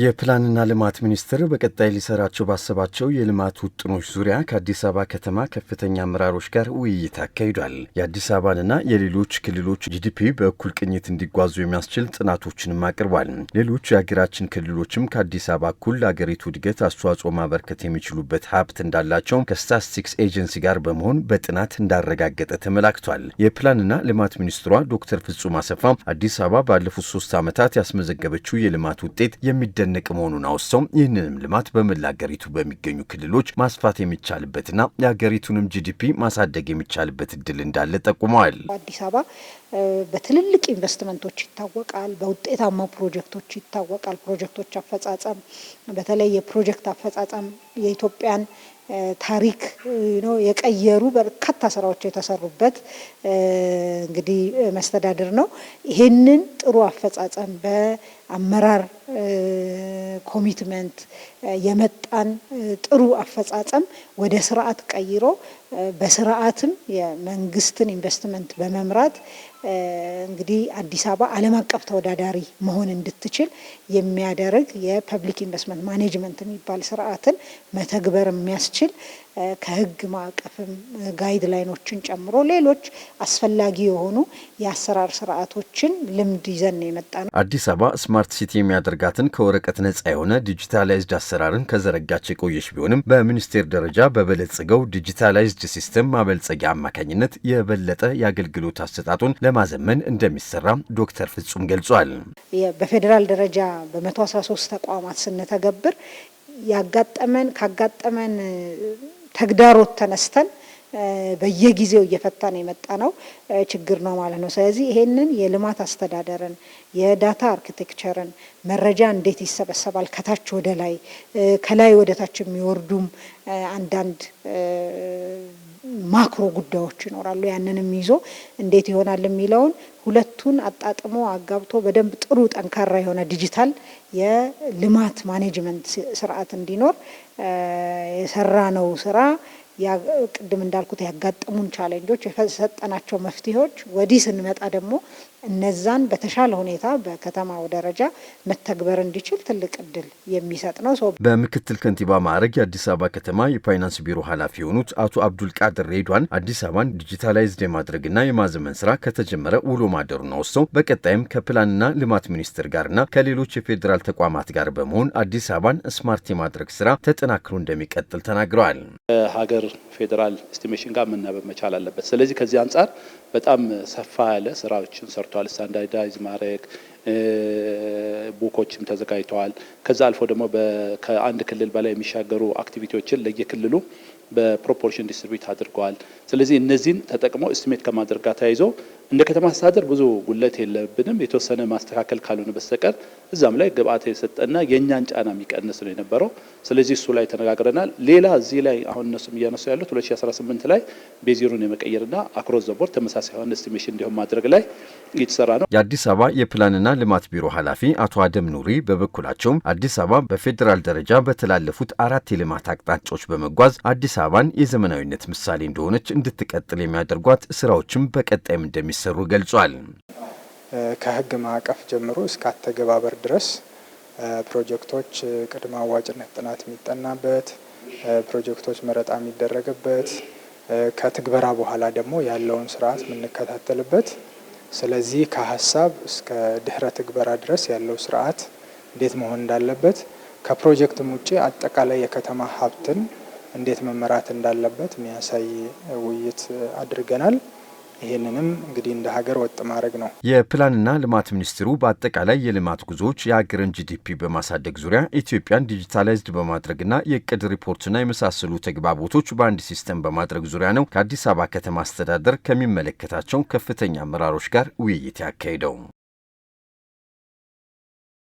የፕላንና ልማት ሚኒስቴር በቀጣይ ሊሰራቸው ባሰባቸው የልማት ውጥኖች ዙሪያ ከአዲስ አበባ ከተማ ከፍተኛ አመራሮች ጋር ውይይት አካሂዷል። የአዲስ አበባንና የሌሎች ክልሎች ጂዲፒ በእኩል ቅኝት እንዲጓዙ የሚያስችል ጥናቶችንም አቅርቧል። ሌሎች የሀገራችን ክልሎችም ከአዲስ አበባ እኩል ለአገሪቱ እድገት አስተዋጽኦ ማበርከት የሚችሉበት ሀብት እንዳላቸው ከስታስቲክስ ኤጀንሲ ጋር በመሆን በጥናት እንዳረጋገጠ ተመላክቷል። የፕላንና ልማት ሚኒስትሯ ዶክተር ፍጹም አሰፋ አዲስ አበባ ባለፉት ሶስት ዓመታት ያስመዘገበችው የልማት ውጤት የሚደ የሚደነቅ መሆኑን አውሰው ይህንንም ልማት በመላ አገሪቱ በሚገኙ ክልሎች ማስፋት የሚቻልበትና የሀገሪቱንም ጂዲፒ ማሳደግ የሚቻልበት እድል እንዳለ ጠቁመዋል። አዲስ አበባ በትልልቅ ኢንቨስትመንቶች ይታወቃል። በውጤታማ ፕሮጀክቶች ይታወቃል። ፕሮጀክቶች አፈጻጸም፣ በተለይ የፕሮጀክት አፈጻጸም የኢትዮጵያን ታሪክ የቀየሩ በርካታ ስራዎች የተሰሩበት እንግዲህ መስተዳድር ነው። ይህንን ጥሩ አፈጻጸም በአመራር ኮሚትመንት የመጣን ጥሩ አፈጻጸም ወደ ስርዓት ቀይሮ በስርዓትም የመንግስትን ኢንቨስትመንት በመምራት እንግዲህ አዲስ አበባ ዓለም አቀፍ ተወዳዳሪ መሆን እንድትችል የሚያደርግ የፐብሊክ ኢንቨስትመንት ማኔጅመንት የሚባል ስርዓትን መተግበር የሚያስችል ከህግ ማዕቀፍም ጋይድላይኖችን ጨምሮ ሌሎች አስፈላጊ የሆኑ የአሰራር ስርዓቶችን ልምድ ይዘን የመጣ ነው። አዲስ አበባ ስማርት ሲቲ የሚያደርጋትን ከወረቀት ነጻ የሆነ ዲጂታላይዝድ አሰራርን ከዘረጋች የቆየች ቢሆንም በሚኒስቴር ደረጃ በበለጸገው ዲጂታላይዝድ ሲስተም ማበልጸጊያ አማካኝነት የበለጠ የአገልግሎት አሰጣጡን ለማዘመን እንደሚሰራ ዶክተር ፍጹም ገልጿል። በፌዴራል ደረጃ በ113 ተቋማት ስንተገብር ያጋጠመን ካጋጠመን ተግዳሮት ተነስተን በየጊዜው እየፈታን የመጣ ነው ችግር ነው ማለት ነው። ስለዚህ ይሄንን የልማት አስተዳደርን የዳታ አርኪቴክቸርን መረጃ እንዴት ይሰበሰባል ከታች ወደ ላይ ከላይ ወደ ታች የሚወርዱም አንዳንድ ማክሮ ጉዳዮች ይኖራሉ። ያንንም ይዞ እንዴት ይሆናል የሚለውን ሁለቱን አጣጥሞ አጋብቶ በደንብ ጥሩ ጠንካራ የሆነ ዲጂታል የልማት ማኔጅመንት ስርዓት እንዲኖር የሰራ ነው ስራ ቅድም እንዳልኩት ያጋጠሙን ቻሌንጆች፣ የሰጠናቸው መፍትሄዎች፣ ወዲህ ስንመጣ ደግሞ እነዛን በተሻለ ሁኔታ በከተማው ደረጃ መተግበር እንዲችል ትልቅ እድል የሚሰጥ ነው። በምክትል ከንቲባ ማዕረግ የአዲስ አበባ ከተማ የፋይናንስ ቢሮ ኃላፊ የሆኑት አቶ አብዱል ቃድር ሬዷን አዲስ አበባን ዲጂታላይዝድ የማድረግና የማዘመን ስራ ከተጀመረ ውሎ ማደሩን አውስተው በቀጣይም ከፕላንና ልማት ሚኒስቴር ጋርና ከሌሎች የፌዴራል ተቋማት ጋር በመሆን አዲስ አበባን ስማርት የማድረግ ስራ ተጠናክሮ እንደሚቀጥል ተናግረዋል። ሀገር ፌዴራል ኤስቲሜሽን ጋር መናበብ መቻል አለበት። ስለዚህ ከዚህ አንጻር በጣም ሰፋ ያለ ስራዎችን ሰርቷል ስታንዳርዳይዝ ማድረግ ቡኮችም ተዘጋጅተዋል። ከዛ አልፎ ደግሞ ከአንድ ክልል በላይ የሚሻገሩ አክቲቪቲዎችን ለየክልሉ በፕሮፖርሽን ዲስትሪቢዩት አድርገዋል። ስለዚህ እነዚህን ተጠቅሞ ኤስቲሜት ከማድረግ ጋር ተያይዞ እንደ ከተማ አስተዳደር ብዙ ጉለት የለብንም። የተወሰነ ማስተካከል ካልሆነ በስተቀር እዛም ላይ ግብአት የሰጠና የእኛን ጫና የሚቀንስ ነው የነበረው። ስለዚህ እሱ ላይ ተነጋግረናል። ሌላ እዚህ ላይ አሁን እነሱም እያነሱ ያሉት 2018 ላይ ቤዚሩን የመቀየርና አክሮስ ዘቦር ተመሳሳይ ሆን ስቲሜሽን እንዲሆን ማድረግ ላይ እየተሰራ ነው። የአዲስ አበባ የፕላንና ልማት ቢሮ ኃላፊ አቶ አደም ኑሪ በበኩላቸውም አዲስ አበባ በፌዴራል ደረጃ በተላለፉት አራት የልማት አቅጣጫዎች በመጓዝ አዲስ አበባን የዘመናዊነት ምሳሌ እንደሆነች እንድትቀጥል የሚያደርጓት ስራዎችም በቀጣይም እንደሚ እንደሚሰሩ ገልጿል። ከህግ ማዕቀፍ ጀምሮ እስከ አተገባበር ድረስ ፕሮጀክቶች ቅድመ አዋጭነት ጥናት የሚጠናበት ፕሮጀክቶች መረጣ የሚደረግበት ከትግበራ በኋላ ደግሞ ያለውን ስርዓት የምንከታተልበት ስለዚህ ከሀሳብ እስከ ድህረ ትግበራ ድረስ ያለው ስርዓት እንዴት መሆን እንዳለበት ከፕሮጀክትም ውጭ አጠቃላይ የከተማ ሀብትን እንዴት መመራት እንዳለበት የሚያሳይ ውይይት አድርገናል። ይህንንም እንግዲህ እንደ ሀገር ወጥ ማድረግ ነው። የፕላንና ልማት ሚኒስትሩ በአጠቃላይ የልማት ጉዞዎች የሀገርን ጂዲፒ በማሳደግ ዙሪያ ኢትዮጵያን ዲጂታላይዝድ በማድረግና የእቅድ ሪፖርትና የመሳሰሉ ተግባቦቶች በአንድ ሲስተም በማድረግ ዙሪያ ነው ከአዲስ አበባ ከተማ አስተዳደር ከሚመለከታቸው ከፍተኛ አመራሮች ጋር ውይይት ያካሂደው።